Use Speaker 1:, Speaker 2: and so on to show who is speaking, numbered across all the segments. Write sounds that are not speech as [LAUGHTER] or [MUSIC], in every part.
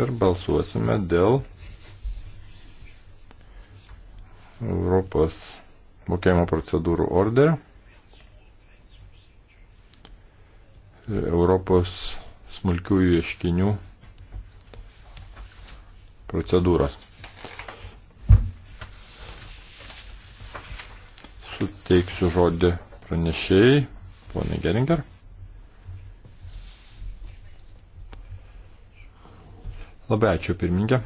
Speaker 1: ir balsuosime dėl Europos mokėjimo procedūrų orderio, Europos smulkiųjų ieškinių procedūros. Suteiksiu žodį pranešėjai, ponai Geringer. Labai ačiū, pirmininkė.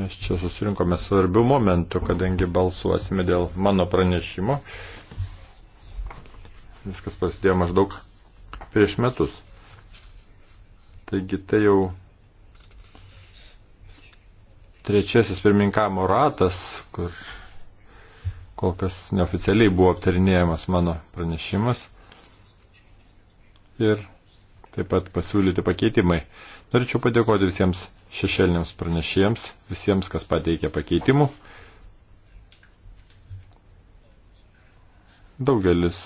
Speaker 1: Mes čia susirinkome svarbių momentų, kadangi balsuosime dėl mano pranešimo. Viskas prasidėjo maždaug prieš metus. Taigi tai jau trečiasis pirmininkavimo ratas, kur kol kas neoficialiai buvo aptarinėjamas mano pranešimas ir taip pat pasiūlyti pakeitimai. Norėčiau padėkoti visiems šešėliniams pranešėjams, visiems, kas pateikė pakeitimų. Daugelis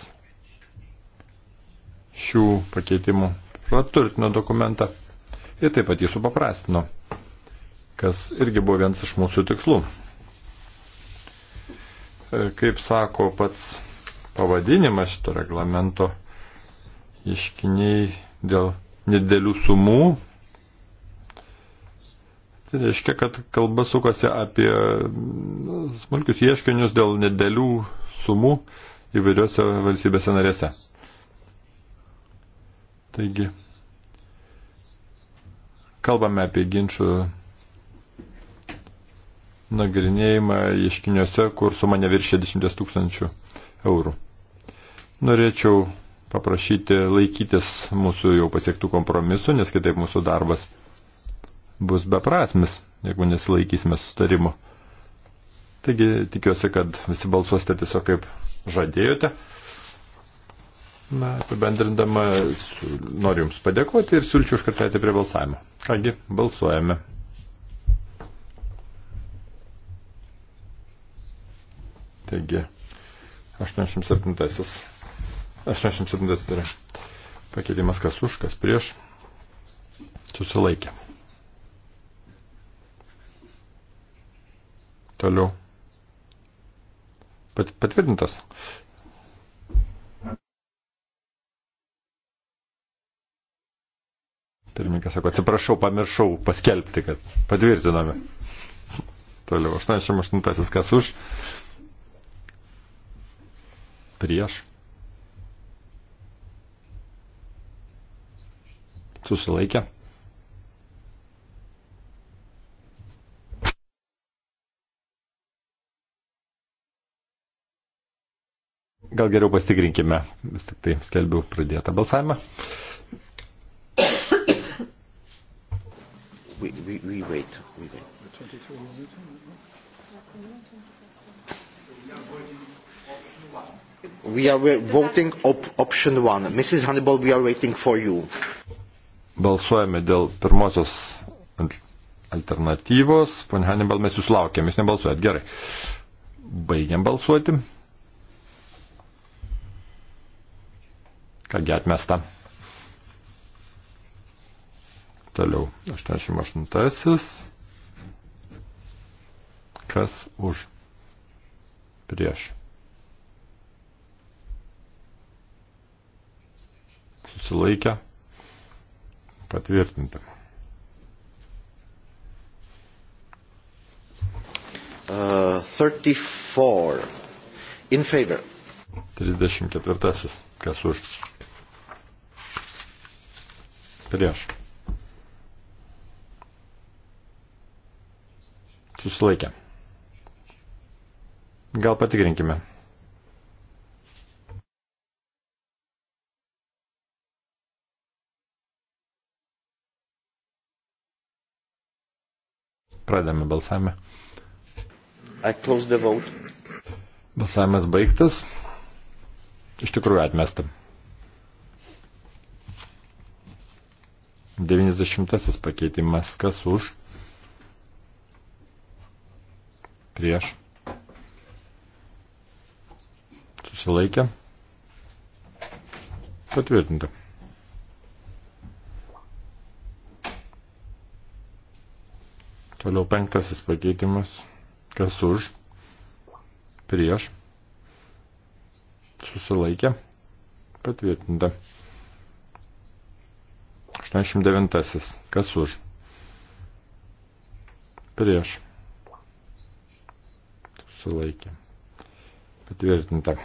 Speaker 1: šių pakeitimų praturtino dokumentą ir taip pat jį supaprastino, kas irgi buvo vienas iš mūsų tikslų. Kaip sako pats pavadinimas šito reglamento, ieškiniai dėl nedėlių sumų. Tai reiškia, kad kalba sukasi apie nu, smulkius ieškinius dėl nedėlių sumų įvairiuose valstybėse narėse. Taigi, kalbame apie ginčių nagrinėjimą ieškiniuose, kur suma neviršė 10 tūkstančių eurų. Norėčiau paprašyti laikytis mūsų jau pasiektų kompromisų, nes kitaip mūsų darbas bus beprasmis, jeigu nesilaikysime sutarimo. Taigi tikiuosi, kad visi balsuosite tiesiog kaip žadėjote. Na, apibendrindama, noriu Jums padėkoti ir siūlyčiau užkartėti prie balsavimo. Kągi, balsuojame. Taigi, 87. 87 atsidarė. Pakeitimas kas už, kas prieš. Susilaikė. Toliau. Pat, patvirtintas. Pirmininkas sako, atsiprašau, pamiršau paskelbti, kad patvirtiname. Toliau, 88 kas už. Prieš susilaikė. Gal geriau pasitikrinkime, vis tik tai skelbiu pradėtą balsavimą. We,
Speaker 2: we, we wait. We wait. We are voting op option one. Mrs. Hannibal, we are waiting for you.
Speaker 1: Balsuojame dėl pirmosios alternatyvos. Pone Hannibal, mes jūs laukiam, jūs nebalsuojat. Gerai. Baigiam balsuoti. Kągi atmesta. Toliau. 88. Kas už? Prieš. Susilaikę. Patvirtinta.
Speaker 2: Uh, 34. In favor.
Speaker 1: 34. Kas už? Prieš. Susilaikė. Gal patikrinkime. Pradėme balsavimą. Balsavimas baigtas. Iš tikrųjų atmesta. 90 pakeitimas. Kas už? Prieš. Susilaikė. Patvirtinta. Toliau penktasis pakeitimas. Kas už? Prieš. Susilaikė. Patvirtinta. 89. Kas už? Prieš. Susilaikė. Patvirtinta.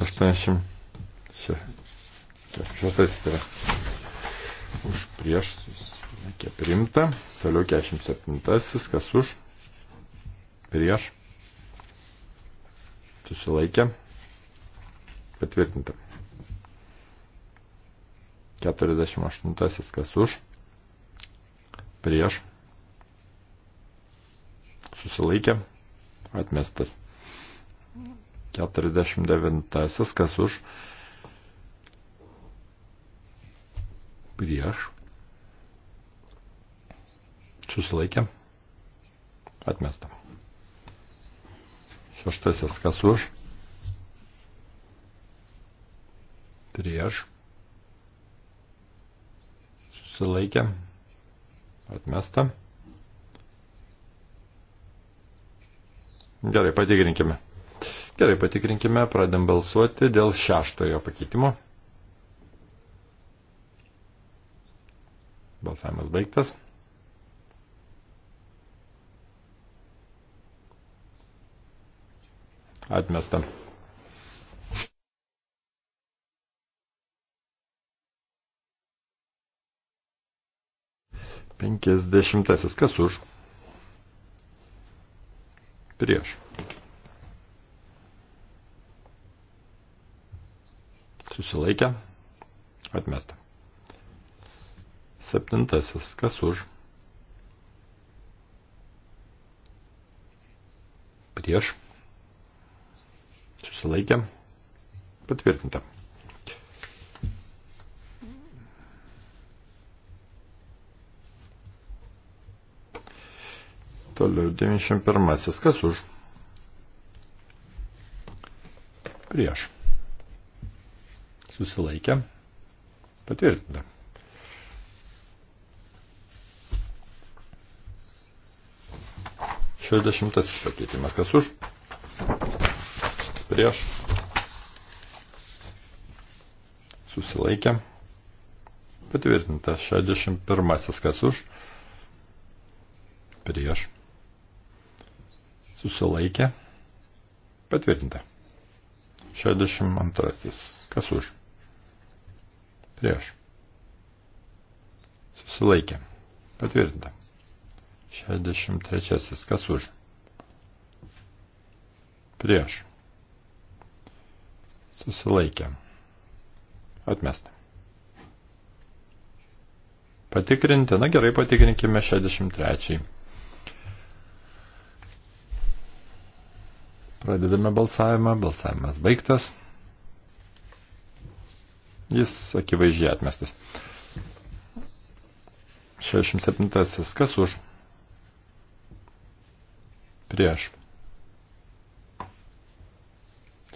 Speaker 1: Aštuoniasdešimt 46 yra už prieš, reikia primta. Toliau 47, kas už, prieš, susilaikė, patvirtinta. 48, kas už, prieš, susilaikė, atmestas. 49, kas už, prieš prieš, susilaikė, atmesta. Šeštasis, kas už, prieš, susilaikė, atmesta. Gerai, patikrinkime. Gerai, patikrinkime, pradėm balsuoti dėl šeštojo pakeitimo. Balsavimas baigtas. Atmesta. Penkiasdešimtasis. Kas už? Prieš. Susilaikę. Atmesta. Septintasis. Kas už? Prieš. Susilaikė. Patvirtinta. Toliau 91. Kas už? Prieš. Susilaikė. Patvirtinta. 60 pakeitimas. Kas už? Prieš. Susilaikė. Patvirtinta. 61. Kas už? Prieš. Susilaikė. Patvirtinta. 62. Kas už? Prieš. Susilaikė. Patvirtinta. 63. Kas už? Prieš. Susilaikė. Atmesta. Patikrinti. Na gerai, patikrinkime 63. Pradedame balsavimą. Balsavimas baigtas. Jis akivaizdžiai atmestas. 67. Kas už? prieš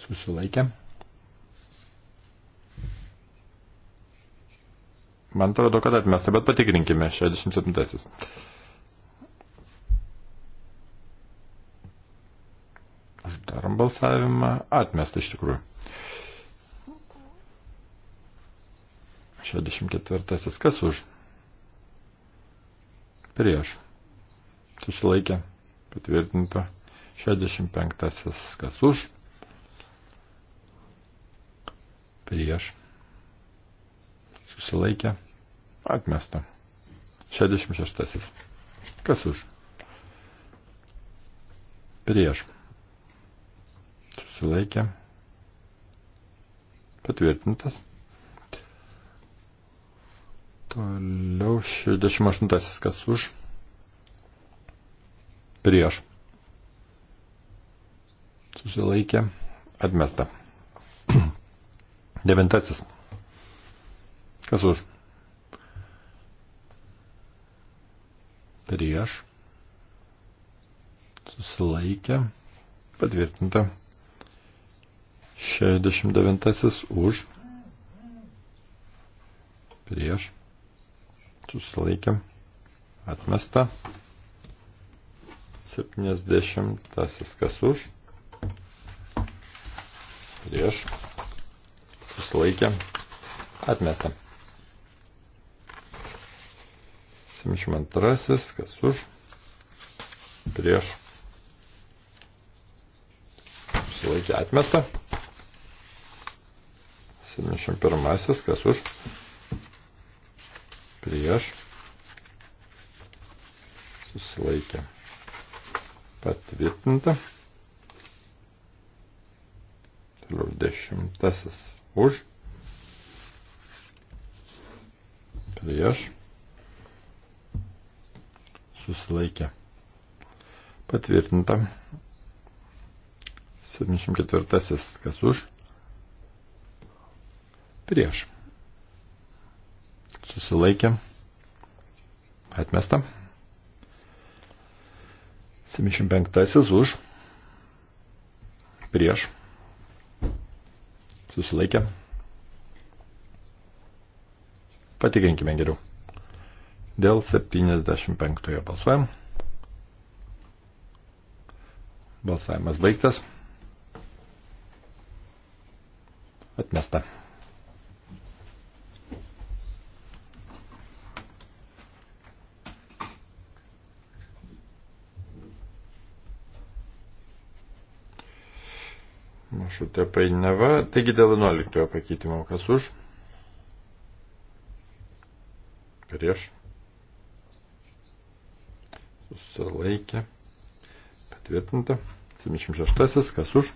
Speaker 1: susilaikė. Man atrodo, kad atmesta, bet patikrinkime 67. Uždarom balsavimą. Atmesta iš tikrųjų. 64. Kas už? Prieš. Susilaikė patvirtinta. 65. Kas už? Prieš. Susilaikė. Atmesta. 66. Kas už? Prieš. Susilaikė. Patvirtintas. Toliau 68. Kas už? prieš, susilaikė, atmesta. [CLEARS THROAT] Devintasis. Kas už? Prieš, susilaikė, patvirtinta. 69 už, prieš, susilaikė, atmesta. 70. Kas už? Prieš. Susilaikė. Atmesta. 72. Kas už? Prieš. Susilaikė. Atmesta. 71. Kas už? Prieš. Susilaikė. Patvirtinta. Toliau dešimtasis už. Prieš. Susilaikė. Patvirtinta. 74. Kas už? Prieš. Susilaikė. Atmesta. 75 už. Prieš. Susilaikė. Patikrinkime geriau. Dėl 75 balsuojam. Balsavimas baigtas. Atmesta. šitą painiavą. Taigi dėl 11 pakeitimo, kas už? Prieš. Susilaikė. Patvirtinta. 76, kas už?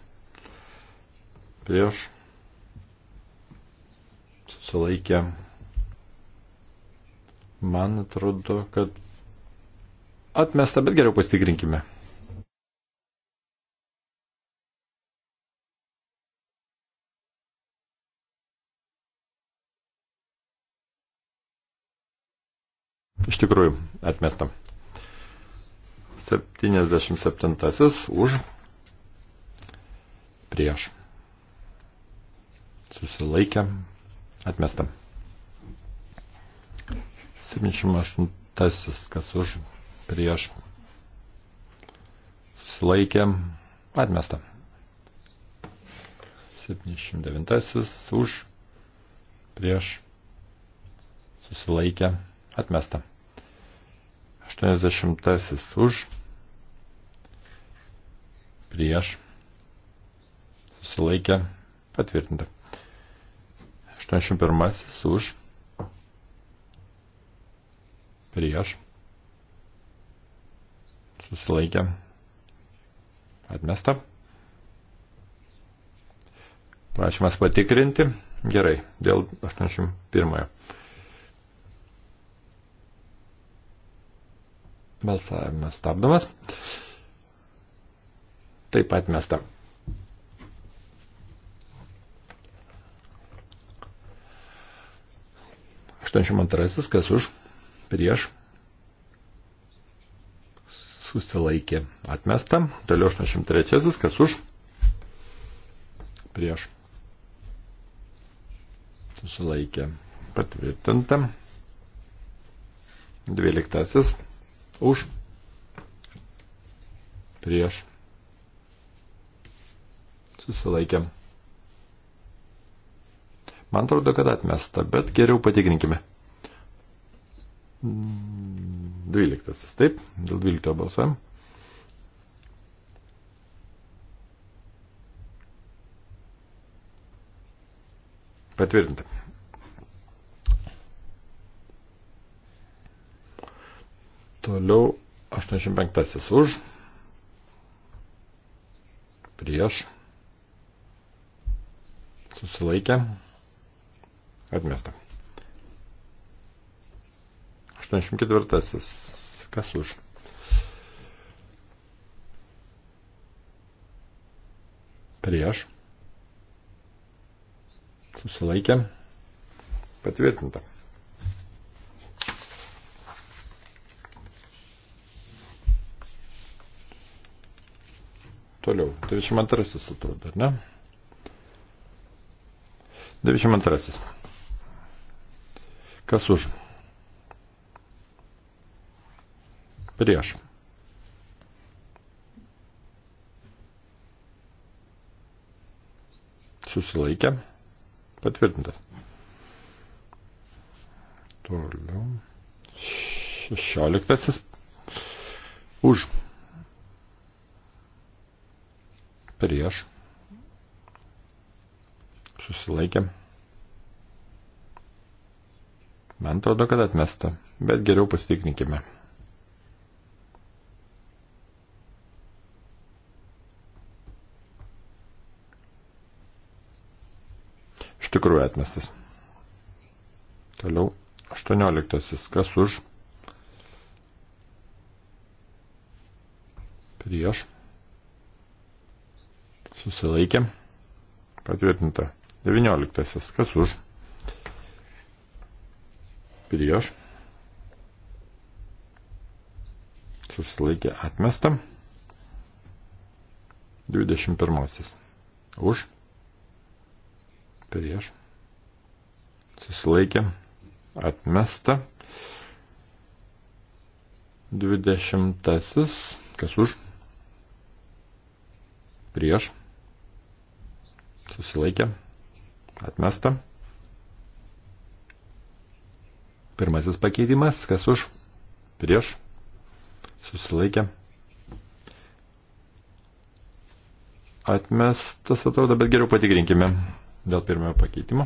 Speaker 1: Prieš. Susilaikė. Man atrodo, kad atmesta, bet geriau pasitikrinkime. Iš tikrųjų, atmesta. 77 už. Prieš. Susilaikė. Atmesta. 78 kas už. Prieš. Susilaikė. Atmesta. 79 už. Prieš. Susilaikė. Atmesta. 80 už, prieš, susilaikė, patvirtinta. 81 už, prieš, susilaikė, atmesta. Prašymas patikrinti. Gerai, dėl 81. Balsavimas stabdomas. Taip pat mesta. Aštuoniasdešimt antrasis, kas už, prieš, susilaikė atmesta. Toliau 83, kas už, prieš, susilaikė patvirtinta. 12 už, prieš, susilaikėm. Man atrodo, kad atmesta, bet geriau patikrinkime. 12. Taip, dėl 12 balsuojam. Patvirtinti. Toliau 85 už. Prieš. Susilaikė. Atmesta. 84. Kas už? Prieš. Susilaikė. Patvirtinta. Toliau. 92 atrodo, ar ne? 92. Kas už? Prieš. Susilaikė. Patvirtinta. Toliau. Šešioliktasis. Už. prieš, susilaikė. Man atrodo, kad atmesta, bet geriau pasitikrinkime. Iš tikrųjų atmestas. Toliau 18. Kas už? Prieš susilaikė, patvirtinta. 19. Kas už? Prieš. Susilaikė atmestą. 21. Už. Prieš. Susilaikė atmestą. 20. Kas už? Prieš susilaikė, atmesta. Pirmasis pakeitimas, kas už, prieš, susilaikė. Atmestas atrodo, bet geriau patikrinkime dėl pirmojo pakeitimo.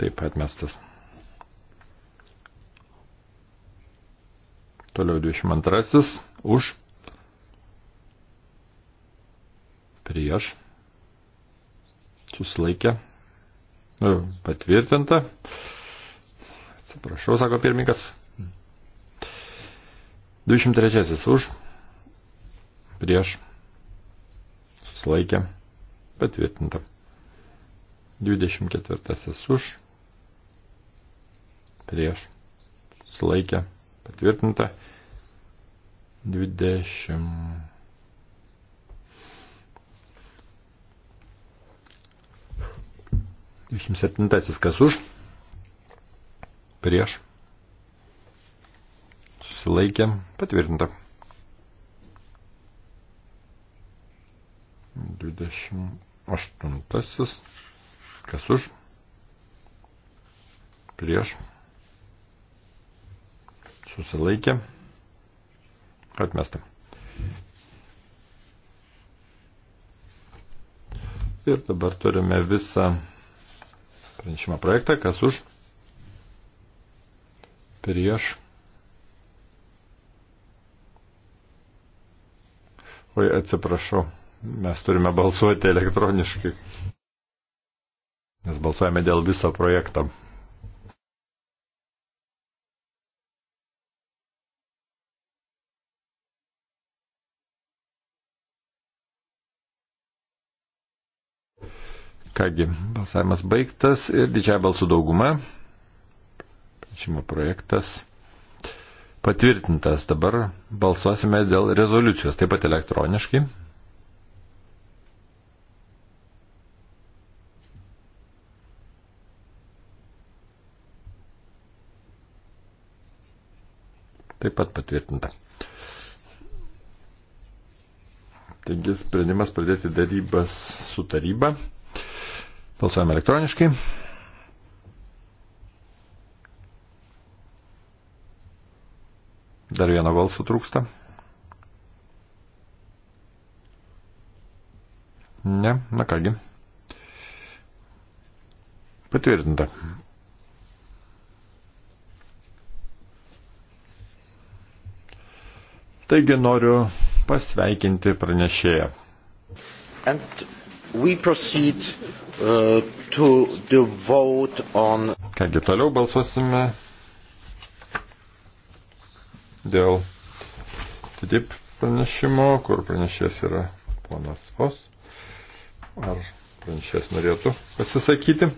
Speaker 1: Taip, atmestas. Toliau 22 nu, už. Prieš. Susilaikė. Patvirtinta. Atsiprašau, sako pirmininkas. 203 už. Prieš. Susilaikė. Patvirtinta. 24 už. Prieš. Susilaikė. Patvirtinta. 20. Dvidešimt septintasis kas už, prieš, susilaikė, patvirtinta. 28. Kas už? Prieš susilaikė, atmesta. Ir dabar turime visą pranešimo projektą, kas už, prieš. Oi, atsiprašau, mes turime balsuoti elektroniškai, nes balsuojame dėl viso projekto. Kągi, balsavimas baigtas ir didžiąją balsų daugumą. Pranešimo projektas patvirtintas. Dabar balsuosime dėl rezoliucijos, taip pat elektroniškai. Taip pat patvirtinta. Taigi sprendimas pradėti darybas su taryba. Balsuojame elektroniškai. Dar vieno balsų trūksta. Ne, na kągi. Patvirtinta. Taigi noriu pasveikinti pranešėją.
Speaker 2: And We proceed uh, to the vote on.
Speaker 1: Kągi toliau balsuosime dėl TTIP pranešimo, kur pranešės yra ponas Vos. Ar pranešės norėtų pasisakyti?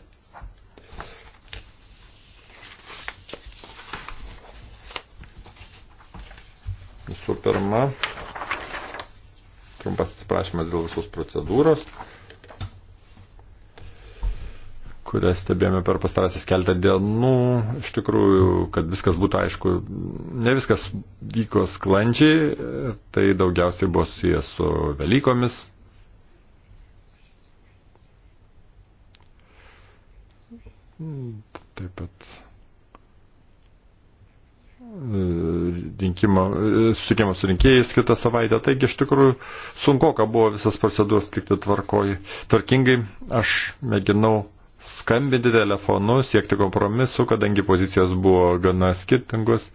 Speaker 1: Visų pirma, trumpas atsiprašymas dėl visos procedūros kurią stebėjome per pastarąsias keletą dienų, iš tikrųjų, kad viskas būtų aišku, ne viskas vyko sklandžiai, tai daugiausiai buvo susijęs su Velykomis. Taip pat rinkimo, susitikimo su rinkėjais kitą savaitę. Taigi iš tikrųjų sunku, kad buvo visas procedūras tikti tvarkoj, tvarkingai. Aš mėginau skambinti telefonu, siekti kompromisu, kadangi pozicijos buvo gana skirtingos.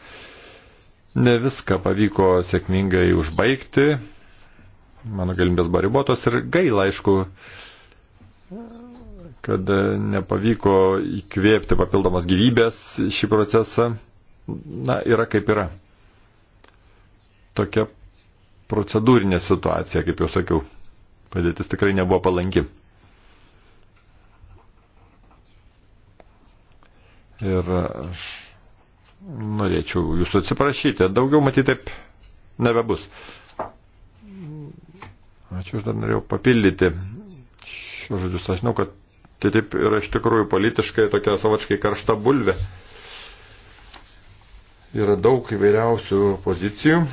Speaker 1: Ne viską pavyko sėkmingai užbaigti, mano galimybės buvo ribotos ir gaila, aišku, kad nepavyko įkvėpti papildomas gyvybės šį procesą. Na, yra kaip yra. Tokia procedūrinė situacija, kaip jau sakiau. Padėtis tikrai nebuvo palanki. Ir aš norėčiau jūsų atsiprašyti. Daugiau matyti taip nebebus. Ačiū, aš dar norėjau papildyti šios žodžius. Aš žinau, kad tai taip yra iš tikrųjų politiškai tokia savačkai karšta bulvė. Yra daug įvairiausių pozicijų.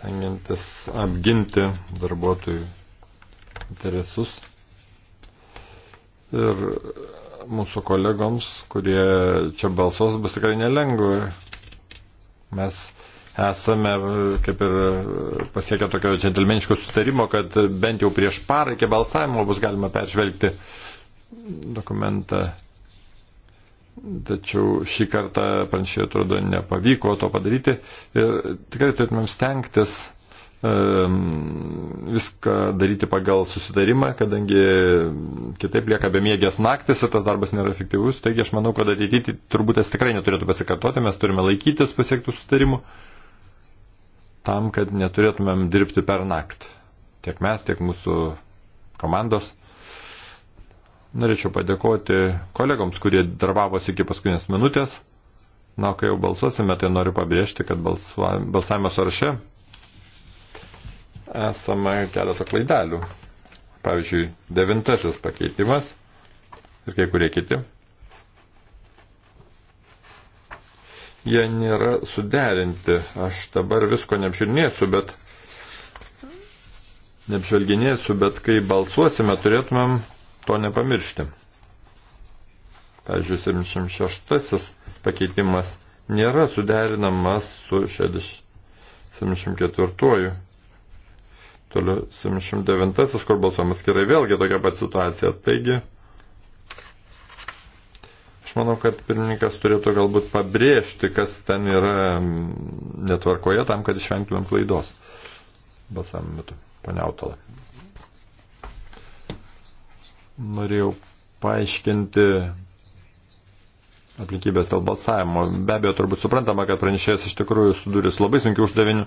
Speaker 1: Stengiantis apginti darbuotojų interesus. Ir mūsų kolegoms, kurie čia balsos, bus tikrai nelengva. Mes esame kaip ir pasiekę tokio džentelmeniško sutarimo, kad bent jau prieš parą iki balsavimo bus galima peržvelgti dokumentą. Tačiau šį kartą pranešėjai atrodo nepavyko to padaryti ir tikrai turėtumėm stengtis Ehm, viską daryti pagal susitarimą, kadangi kitaip lieka be mėgės naktis ir tas darbas nėra efektyvus. Taigi aš manau, kad ateityje tai turbūt tas tikrai neturėtų pasikartoti, mes turime laikytis pasiektų susitarimų tam, kad neturėtumėm dirbti per naktį. Tiek mes, tiek mūsų komandos. Norėčiau padėkoti kolegoms, kurie darbavosi iki paskutinės minutės. Na, kai jau balsuosime, tai noriu pabrėžti, kad balsuojame sąraše esama keletą klaidelių. Pavyzdžiui, devintasis pakeitimas ir kai kurie kiti. Jie nėra suderinti. Aš dabar visko neapžiūrinėsiu, bet neapžvelginėsiu, bet kai balsuosime, turėtumėm to nepamiršti. Pavyzdžiui, 76 pakeitimas nėra suderinamas su 74. Toliau 709, kur balsuojamas skirai, vėlgi tokia pat situacija. Taigi, aš manau, kad pirmininkas turėtų galbūt pabrėžti, kas ten yra mm, netvarkoje, tam, kad išvengtumėm klaidos balsavimo metu. Pane Autola. Norėjau paaiškinti aplinkybės dėl balsavimo. Be abejo, turbūt suprantama, kad pranešėjas iš tikrųjų sudūris labai sunkių uždavinių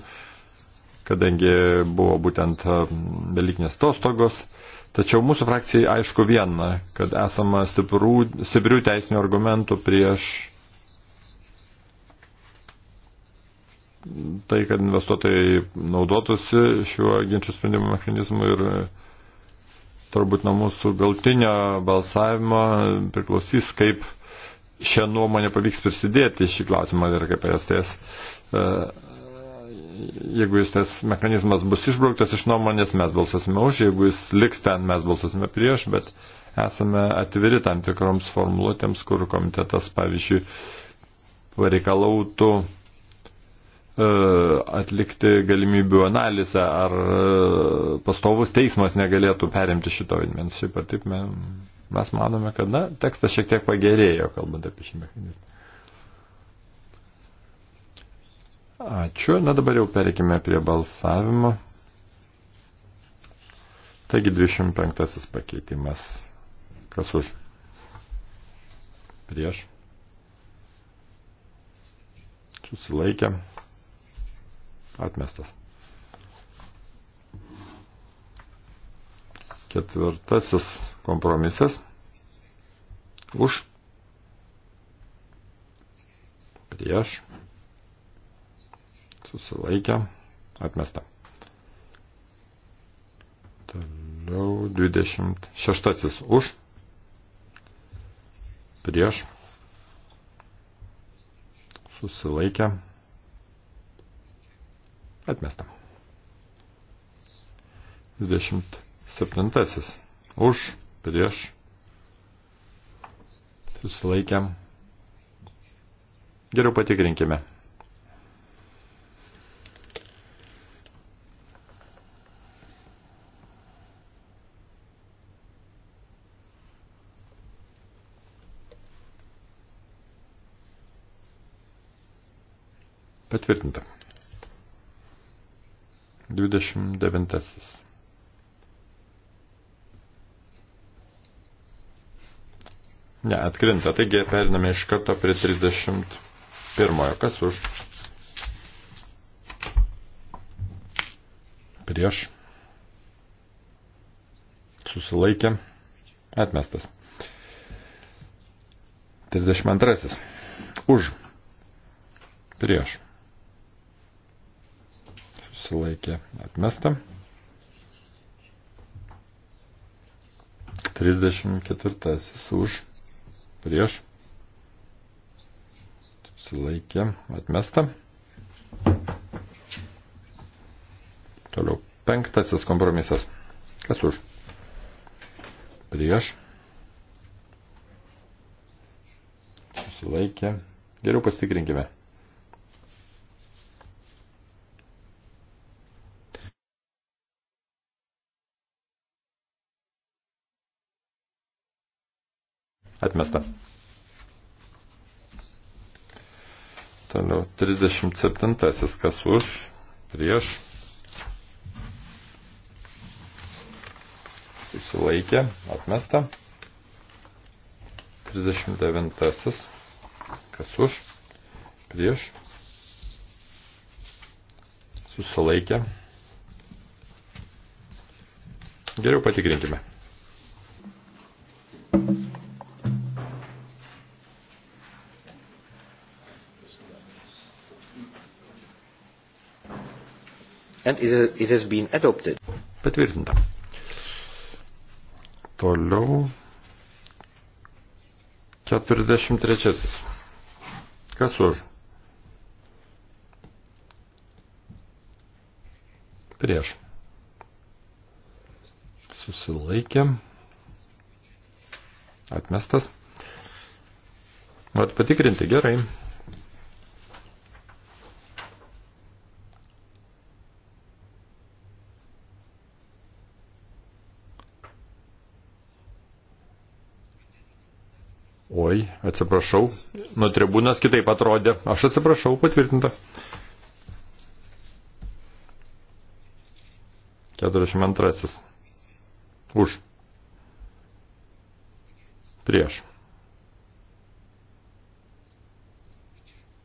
Speaker 1: kadangi buvo būtent dalykinės e, tostogos. Tačiau mūsų frakcijai aišku viena, kad esama stiprų, stiprių teisinių argumentų prieš tai, kad investuotojai naudotųsi šiuo ginčių sprendimo mechanizmu ir turbūt nuo mūsų galtinio balsavimo priklausys, kaip šią nuomonę pavyks prisidėti šį klausimą ir kaip jas ties e, jeigu jis tas mechanizmas bus išbrauktas iš nuomonės, mes balsasime už, jeigu jis liks ten, mes balsasime prieš, bet esame atviri tam tikroms formuluotėms, kur komitetas, pavyzdžiui, pareikalautų e, atlikti galimybių analizę, ar e, pastovus teismas negalėtų perimti šito vaidmens. Šiaip ar taip mes manome, kad na, tekstas šiek tiek pagerėjo, kalbant apie šį mechanizmą. Ačiū. Na dabar jau pereikime prie balsavimo. Taigi 25 pakeitimas. Kas už? Prieš. Susilaikė. Atmestas. Ketvirtasis kompromisas. Už. Prieš susilaikė, atmesta. Toliau 26 už, prieš, susilaikė, atmesta. 27 už, prieš, susilaikė. Geriau patikrinkime. Patvirtinta. 29. Ne, atkrinta. Taigi periname iš karto prie 31. Kas už? Prieš. Susilaikė. Atmestas. 32. Už. Prieš susilaikė atmesta. 34 už, prieš, susilaikė atmesta. Toliau penktasis kompromisas. Kas už? Prieš. Susilaikė. Geriau pasitikrinkime. Atmesta. Toliau 37. Kas už? Prieš. Susilaikė. Atmesta. 39. Kas už? Prieš. Susilaikė. Geriau patikrinkime.
Speaker 2: and it has been adopted.
Speaker 1: Patvirtinta. Toliau. 43. Kas už? Prieš. Susilaikėm. Atmestas. Vat patikrinti gerai. Atsiprašau, nuo tribūnas kitaip atrodė. Aš atsiprašau, patvirtinta. 42. Už. Prieš.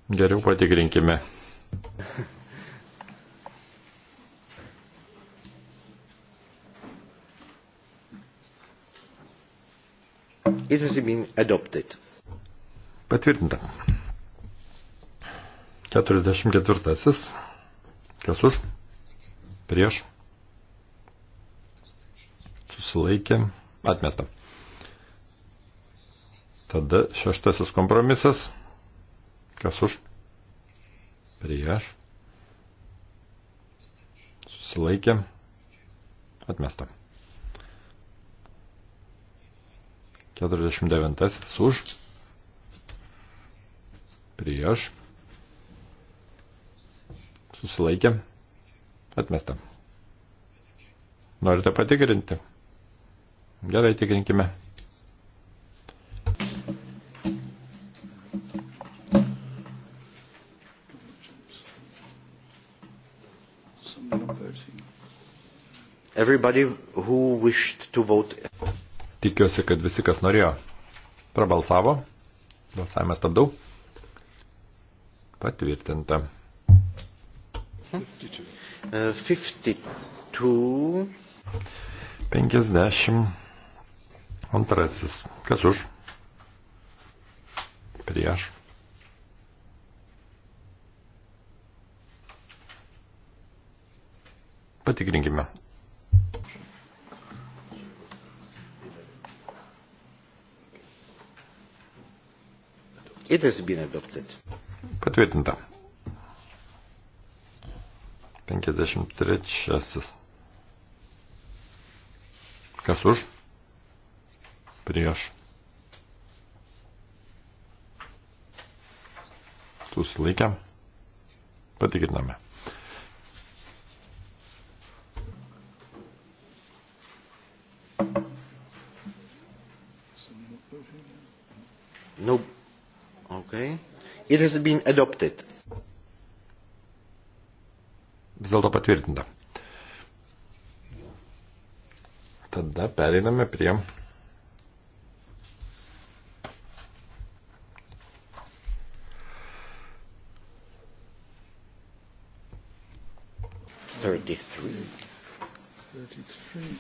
Speaker 1: Geriau patikrinkime.
Speaker 2: It has been adopted.
Speaker 1: Patvirtinta. 44. Kas už? Prieš. Susilaikė. Atmesta. Tada šeštasis kompromisas. Kas už? Prieš. Susilaikė. Atmesta. 49. Už prieš, susilaikė, atmesta. Norite patikrinti? Gerai, tikrinkime.
Speaker 2: Everybody who wished to vote.
Speaker 1: Tikiuosi, kad visi, kas norėjo, prabalsavo. Balsavimą stabdau. Patvirtinta.
Speaker 2: 52.
Speaker 1: 52. Kas už? Prieš. Patikrinkime.
Speaker 2: It has been adopted.
Speaker 1: Patvirtinta. 53. Kas už? Prieš. Susilaikę. Patikriname.
Speaker 2: It has been adopted.
Speaker 1: Vis dėlto patvirtinta. Tada pereiname prie
Speaker 2: Thirty-three. Thirty-three.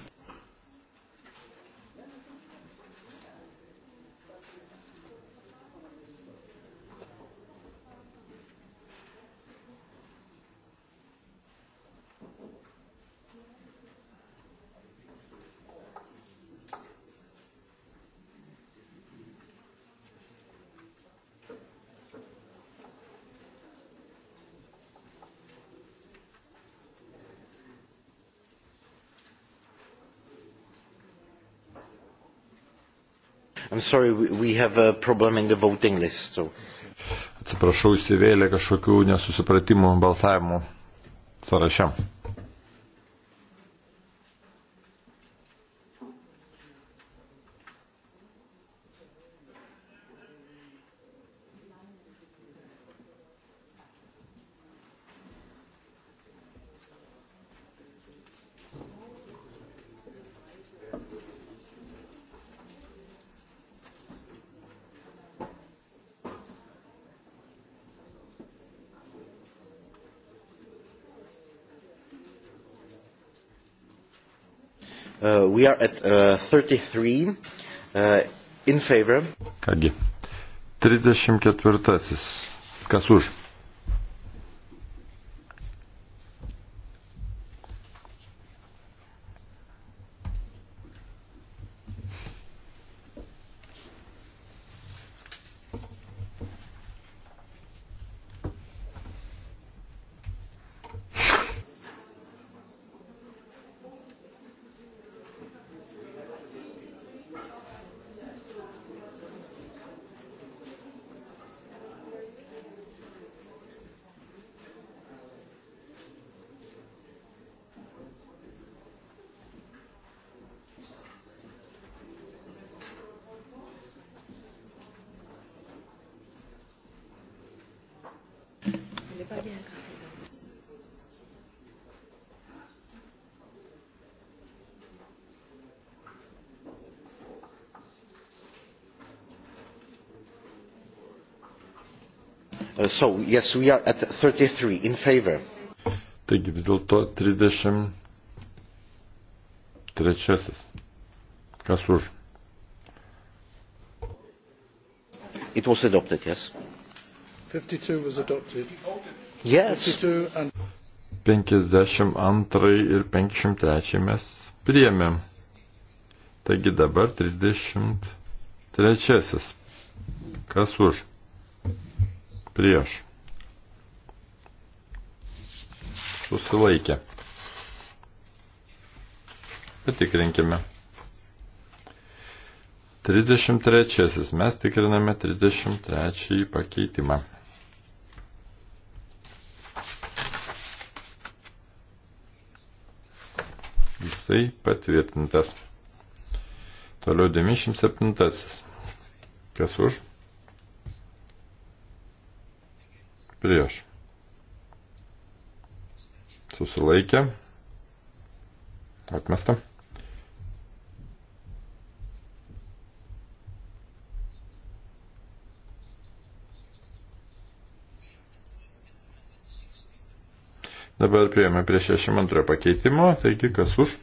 Speaker 2: Sorry, list, so.
Speaker 1: Atsiprašau, įsivėlė kažkokių nesusipratimų balsavimų sąraše.
Speaker 2: 33 uh, in favor.
Speaker 1: Kągi, 34. Kas už?
Speaker 2: pas bien grave. So, yes, we are at 33 in favor.
Speaker 1: Taigi vis dėlto 33. Kas už? It was adopted, yes.
Speaker 2: 52 was adopted.
Speaker 1: Yes. 52 and 52 ir 53 mes priėmėm. Taigi dabar 33. Kas už? Prieš. Susilaikė. Patikrinkime. 33. Mes tikriname 33 pakeitimą. Jisai patvirtintas. Toliau 97. Kas už? Prieš. Susilaikė. Atmesta. Dabar prieėmė prie 62 pakeitimo, taigi kas už?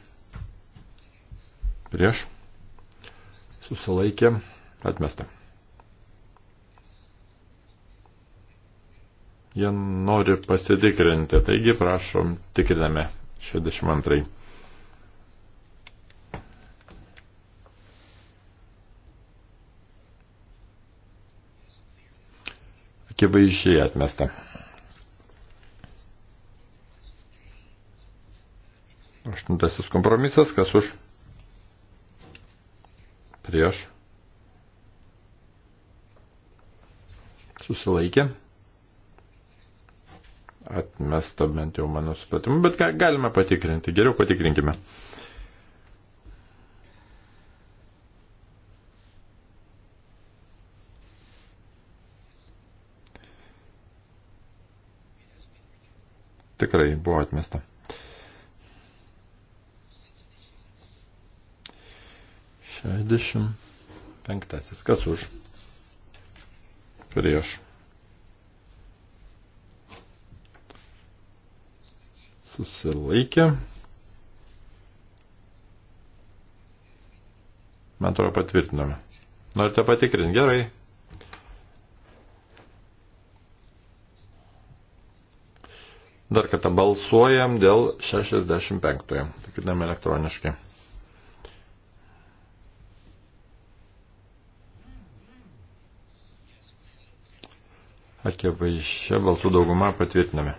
Speaker 1: prieš, susilaikė, atmesta. Jie nori pasitikrinti, taigi prašom, tikriname 62. akivaizdžiai atmesta. Aštuntasis kompromisas, kas už prieš, susilaikė, atmesta bent jau mano supratimu, bet galime patikrinti, geriau patikrinkime. Tikrai buvo atmesta. 65. Kas už? Prieš. Susilaikė. Man atrodo patvirtinome. Norite patikrinti? Gerai. Dar kartą balsuojam dėl 65. Tikriname elektroniškai. akivaizdžia balsų dauguma patvirtiname.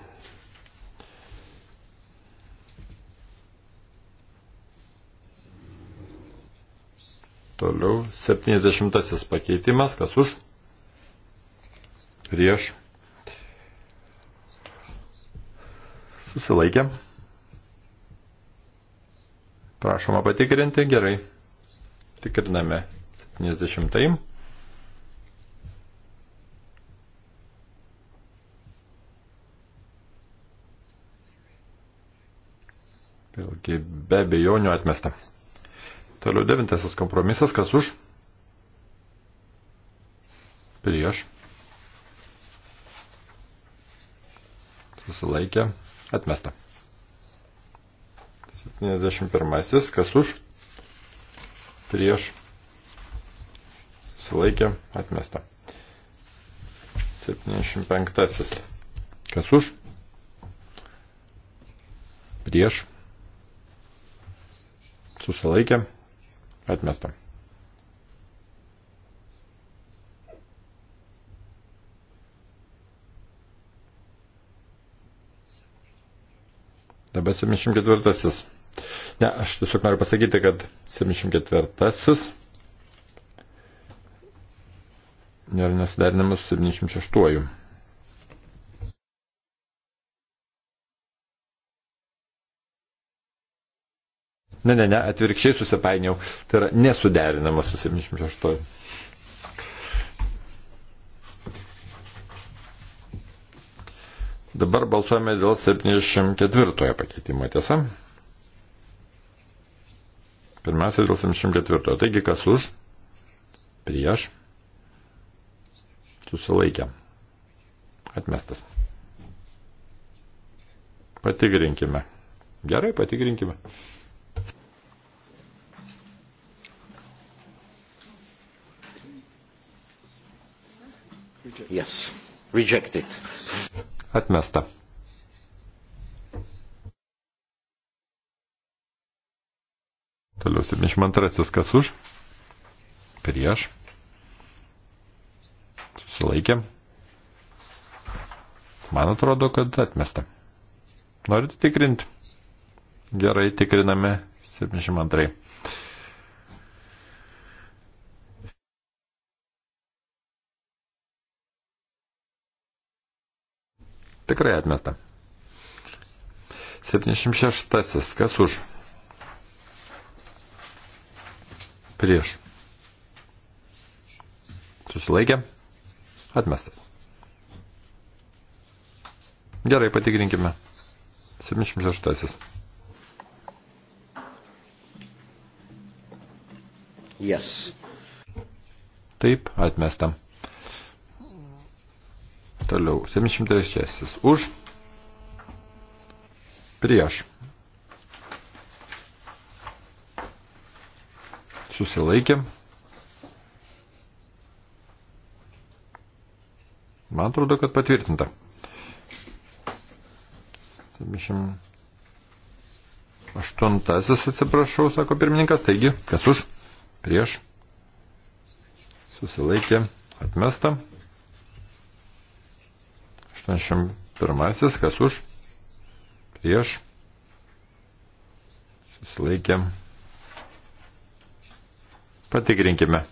Speaker 1: Toliau 70 pakeitimas, kas už, prieš, susilaikė. Prašoma patikrinti, gerai. Tikriname 70. Vėlgi be bejonių atmesta. Toliau devintasis kompromisas, kas už? Prieš. Susilaikė. Atmesta. 71. Kas už? Prieš. Susilaikė. Atmesta. 75. Kas už? Prieš susilaikė, atmesta. Dabar 74. Ne, aš tiesiog noriu pasakyti, kad 74. Nėra nesudarinamas 76. Ne, ne, ne, atvirkščiai susipainiau. Tai yra nesuderinama su 78. Dabar balsuojame dėl 74 pakeitimo, tiesa? Pirmiausia dėl 74. Taigi kas už? Prieš. Susilaikė. Atmestas. Patikrinkime. Gerai, patikrinkime.
Speaker 2: Rejected. Yes. Rejected. Atmesta.
Speaker 1: Toliau 72. Kas už? Prieš. Susilaikė. Man atrodo, kad atmesta. Norite tikrinti? Gerai, tikriname 72. Tikrai atmesta. 76. Kas už? Prieš. Susilaikė. Atmestas. Gerai, patikrinkime. 76. Yes. Taip, atmestam. Toliau, 703 už, prieš, susilaikė. Man atrodo, kad patvirtinta. 78 atsiprašau, sako pirmininkas, taigi, kas už, prieš, susilaikė, atmesta. 81. Kas už? Prieš. Susilaikė. Patikrinkime.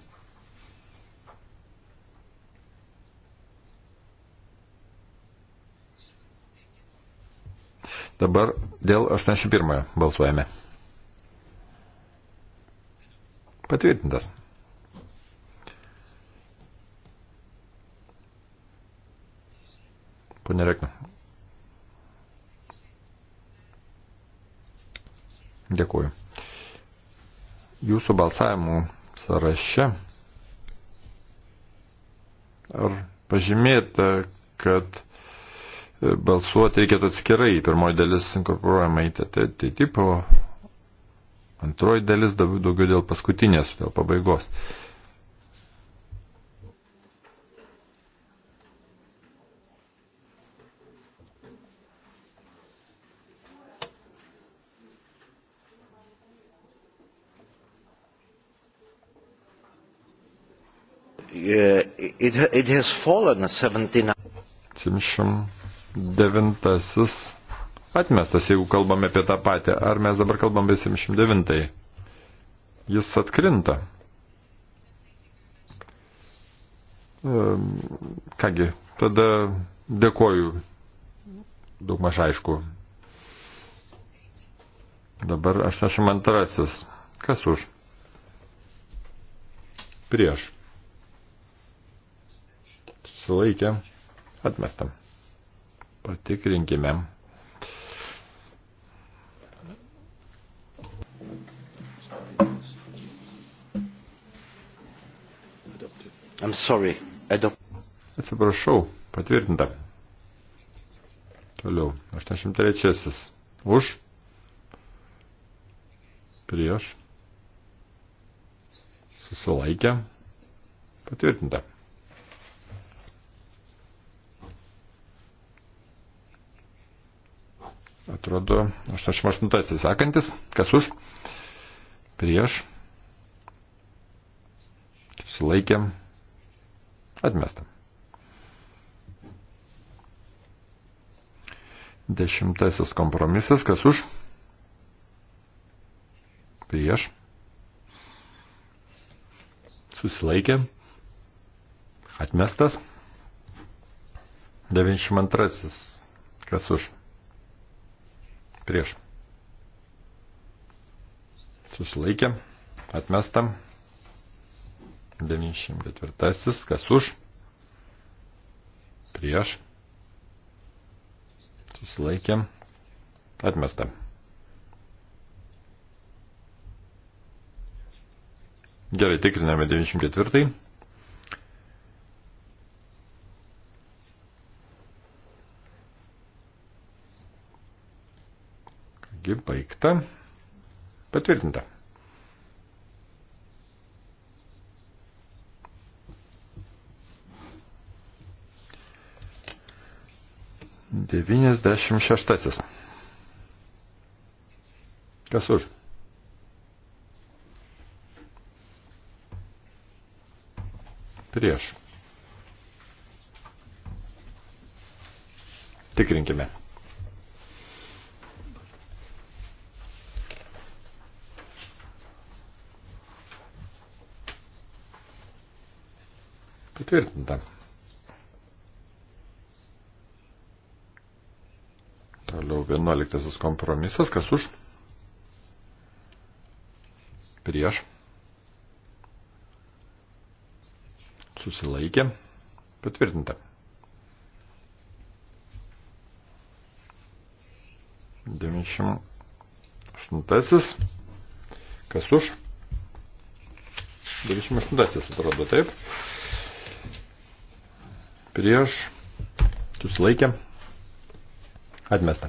Speaker 1: Dabar dėl 81 balsuojame. Patvirtintas. Pone Rekna. Dėkuoju. Jūsų balsavimų sąraše ar pažymėta, kad balsuoti reikėtų atskirai. Pirmoji dalis inkorporuojama į TTIP, o antroji dalis daugiau dėl paskutinės, dėl pabaigos.
Speaker 2: It, it has fallen 79.
Speaker 1: 79 atmestas, jeigu kalbame apie tą patį. Ar mes dabar kalbame 79? Jis atkrinta. Ehm, kągi, tada dėkoju. Daug maž aišku. Dabar 82. Kas už? Prieš susilaikė, atmesta. Patikrinkime. I'm sorry, adopt. Atsiprašau, patvirtinta. Toliau, 83. Už. Prieš. Susilaikę. Patvirtinta. atrodo, 88 sekantis, kas už, prieš, sulaikėm, atmestam. Dešimtasis kompromisas, kas už, prieš, susilaikė, atmestas. 92. Kas už? prieš. Susilaikė, atmesta. 94. Kas už? Prieš. Susilaikė, atmesta. Gerai, tikriname 94. Taigi, baigta. Patvirtinta. Devyniasdešimt šeštasis. Kas už? Prieš. Tikrinkime. Patvirtinta. Toliau vienuoliktasis kompromisas. Kas už? Prieš. Susilaikė. Patvirtinta. Devinšimt aštuntasis. Kas už? 28 atrodo taip prieš, susilaikė, atmesta.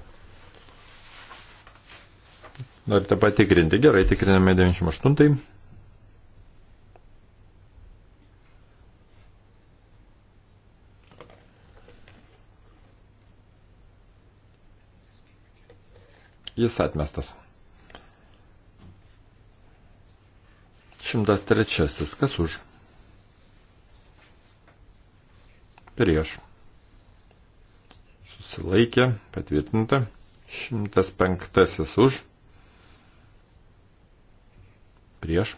Speaker 1: Norite patikrinti, gerai, tikriname 98. Jis atmestas. 103. Kas už? prieš. Susilaikė, patvirtinta. 105 už, prieš.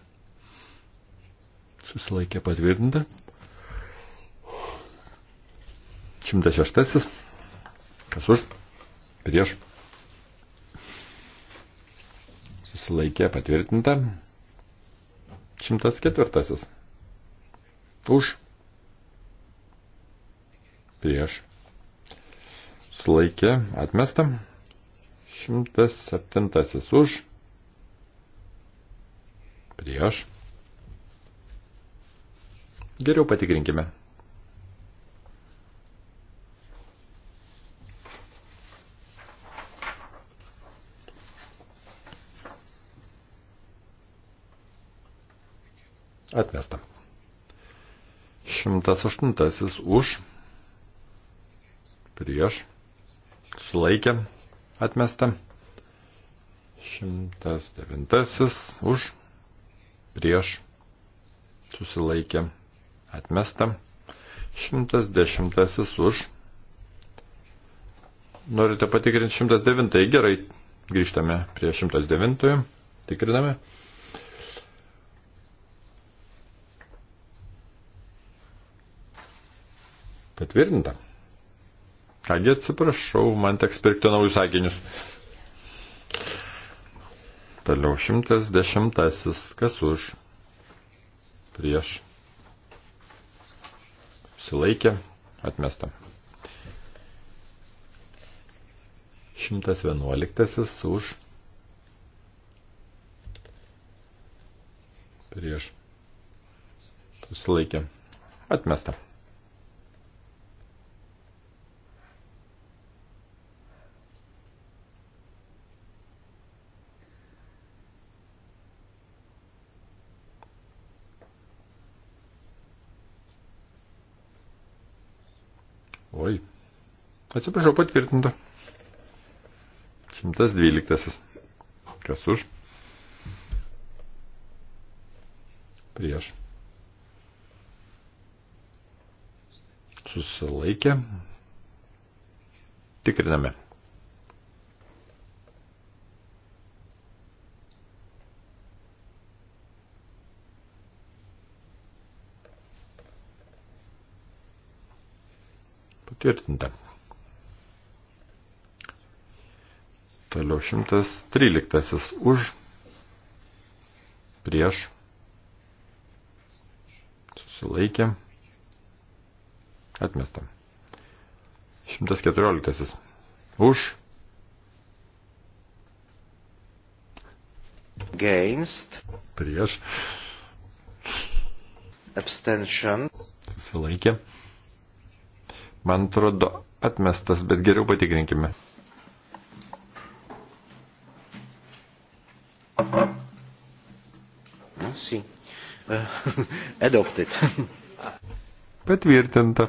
Speaker 1: Susilaikė, patvirtinta. 106 kas už, prieš. Susilaikė, patvirtinta. 104 už prieš sulaikė atmestą. 107 už prieš. Geriau patikrinkime. Atmesta. 108 už prieš, sulaikė, atmesta. 109 už, prieš, susilaikė, atmesta. 110 už. Norite patikrinti 109, gerai, grįžtame prie 109, tikriname. Patvirtinta. Kągi atsiprašau, man teks pirkti naujus akinius. Toliau 110. Kas už? Prieš. Silaikė. Atmesta. 111. Už. Prieš. Susilaikė. Atmesta. Atsiprašau, patvirtinta. 112. Kas už? Prieš. Susilaikė. Tikriname. Patvirtinta. Toliau 113 už, prieš, susilaikė, atmesta. 114 už, against,
Speaker 2: prieš, abstention,
Speaker 1: susilaikė. Man atrodo atmestas, bet geriau patikrinkime.
Speaker 2: Eh, [LAUGHS] adopted. [LAUGHS]
Speaker 1: Patvirtinta.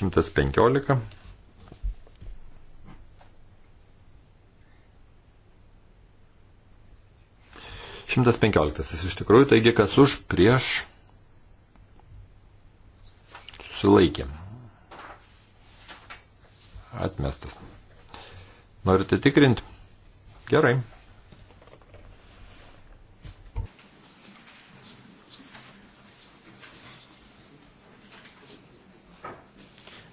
Speaker 1: 115. Šimtas penkioliktasis iš tikrųjų, taigi kas už prieš sulaikėm. Atmestas. Norite tikrinti? Gerai.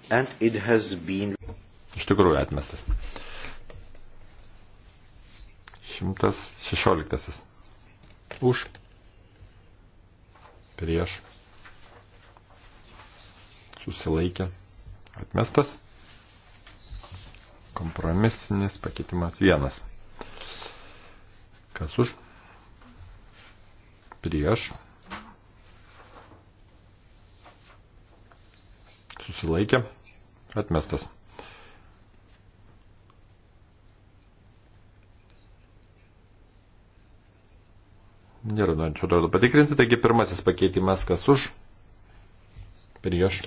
Speaker 2: Been...
Speaker 1: Iš tikrųjų atmestas. 116. Už. Prieš. Susilaikė. Atmestas. Kompromisinis pakeitimas vienas. Kas už? Prieš. Susilaikė. Atmestas. Nėra norinčių daugiau patikrinti, taigi pirmasis pakeitimas kas už, prieš,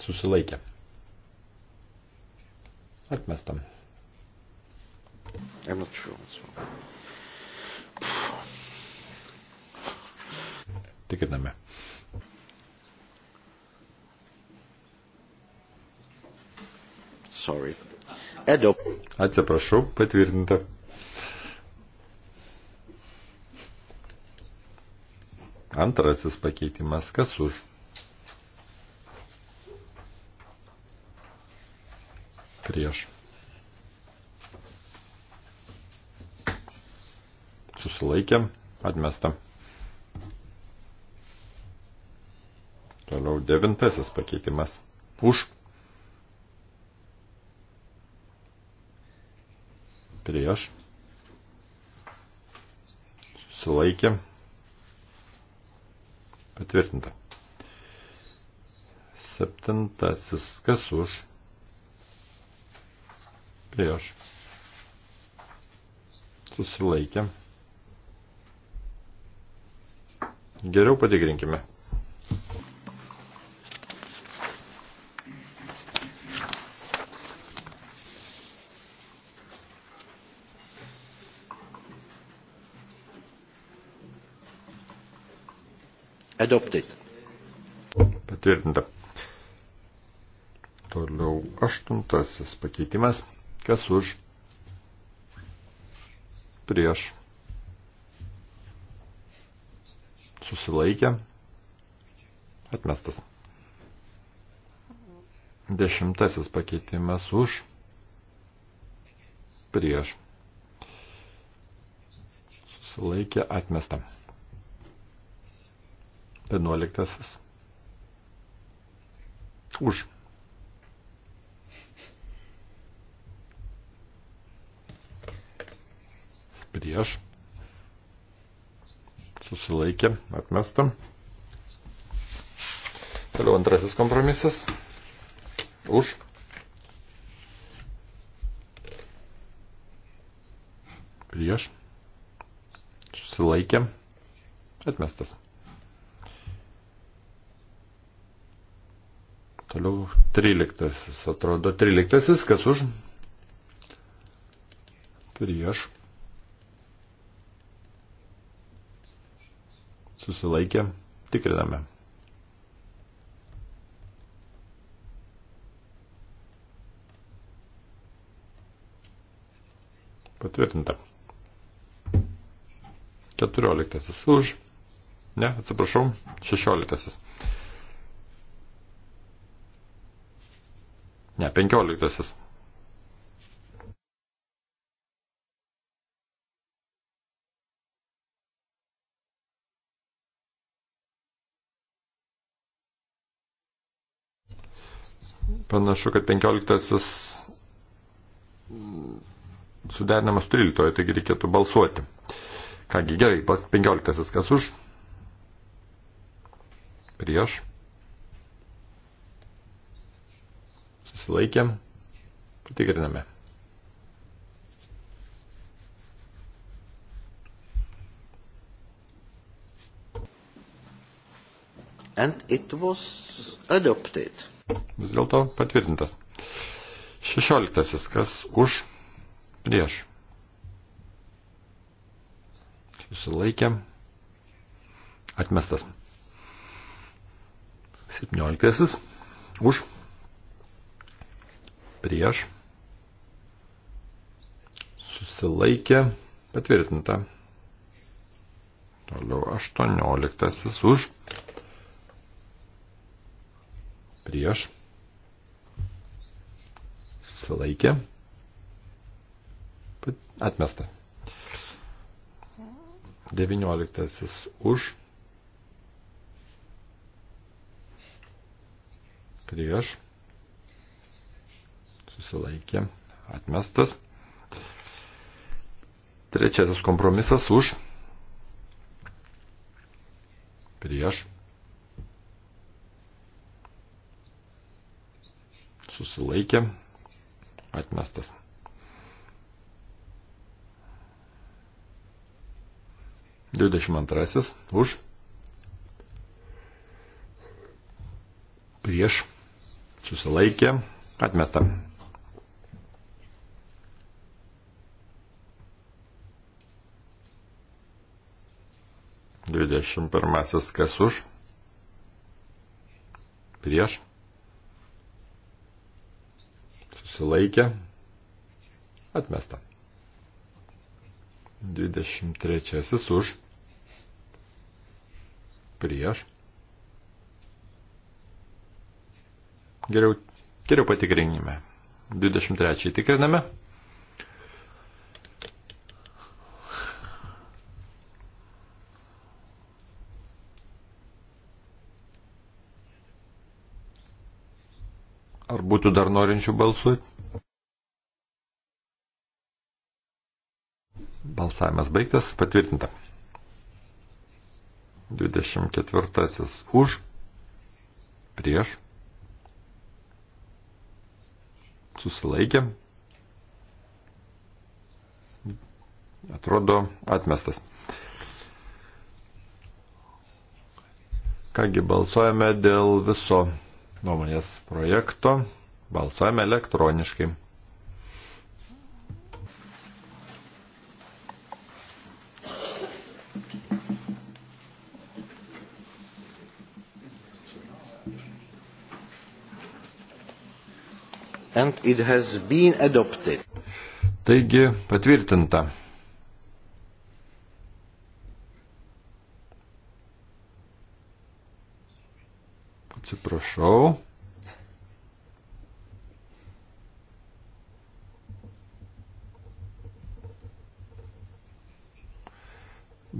Speaker 1: susilaikė. Atmestam. I'm not sure. Tikriname. So. Sorry. Adopt. Atsiprašau, patvirtinta. Antrasis pakeitimas, kas už? Prieš. Susilaikėm, atmestam. Toliau devintasis pakeitimas. Už. prieš, sulaikė, patvirtinta. Septintasis, kas už, prieš, susilaikė. Geriau patikrinkime. Adopted. Patvirtinta. Toliau aštuntasis pakeitimas. Kas už? Prieš. Susilaikė. Atmestas. Dešimtasis pakeitimas už. Prieš. Susilaikė atmestam. Vienuoliktasis. Už. Prieš. Susilaikė, atmestam. Toliau antrasis kompromisas. Už. Prieš. Susilaikė. Atmestas. Toliau 13. Atrodo 13. Kas už? Prieš. Susilaikė. Tikriname. Patvirtinta. 14. Už. Ne, atsiprašau. 16. Ne, penkioliktasis. Panašu, kad penkioliktasis suderinamas 13, taigi reikėtų balsuoti. Kągi, gerai, 15, kas už? Prieš. susilaikė, patikriname.
Speaker 2: And it was adopted.
Speaker 1: Vis dėlto patvirtintas. Šešioliktasis, kas už, prieš. Susilaikė, atmestas. Septynioliktasis, už, prieš prieš, susilaikė, patvirtinta. Toliau 18 už, prieš, susilaikė, atmesta. 19 už, prieš, susilaikė, atmestas. Trečiasis kompromisas už, prieš, susilaikė, atmestas. Dvidešimt antrasis už, prieš, susilaikė, atmestas. 21. Kas už? Prieš? Susilaikė? Atmesta. 23. Už? Prieš? Geriau, geriau patikrinime. 23. Tikriname. būtų dar norinčių balsuoti? Balsavimas baigtas, patvirtinta. 24. Už, prieš, susilaikė, atrodo atmestas. Kągi balsuojame dėl viso nuomonės projekto. Balsuojame elektroniškai.
Speaker 2: And it has been adopted.
Speaker 1: Taigi patvirtinta. Atsiprašau.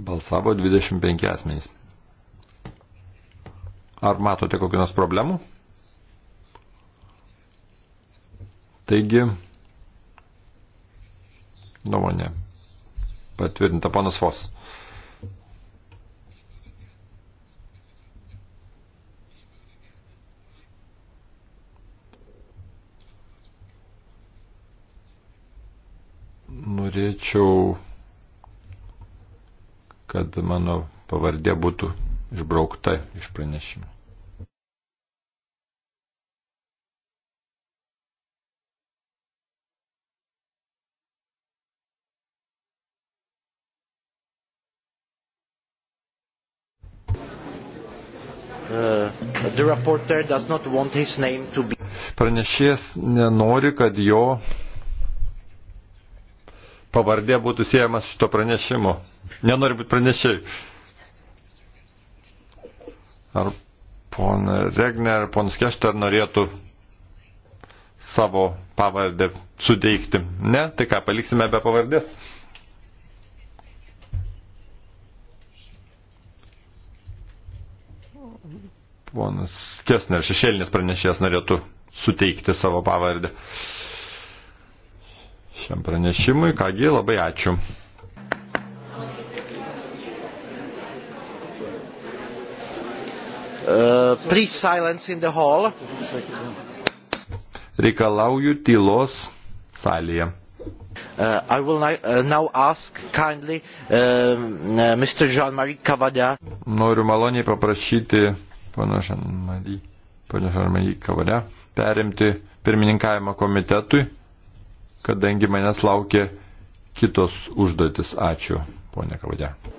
Speaker 1: Balsavo 25 asmenys. Ar matote kokių nors problemų? Taigi, nuomonė patvirtinta ponas Vos. Norėčiau kad mano pavardė būtų išbraukta iš pranešimo.
Speaker 2: Uh, be...
Speaker 1: Pranešėjas nenori, kad jo pavardė būtų siejama su šito pranešimu. Nenori būti pranešėjai. Ar pon Regner, ar pon Skešter norėtų savo pavardę suteikti? Ne, tai ką, paliksime be pavardės. Ponas Kesner, šešėlinis pranešėjas, norėtų suteikti savo pavardę šiam pranešimui. Kągi, labai ačiū. Uh,
Speaker 2: please silence in the hall.
Speaker 1: Reikalauju tylos salėje. Uh, I will uh, now ask kindly
Speaker 2: uh, uh Mr. Jean-Marie Cavada.
Speaker 1: Noriu maloniai paprašyti pana Jean-Marie Cavada perimti pirmininkavimą komitetui, kadangi manęs laukia kitos užduotis. Ačiū, ponia Cavada.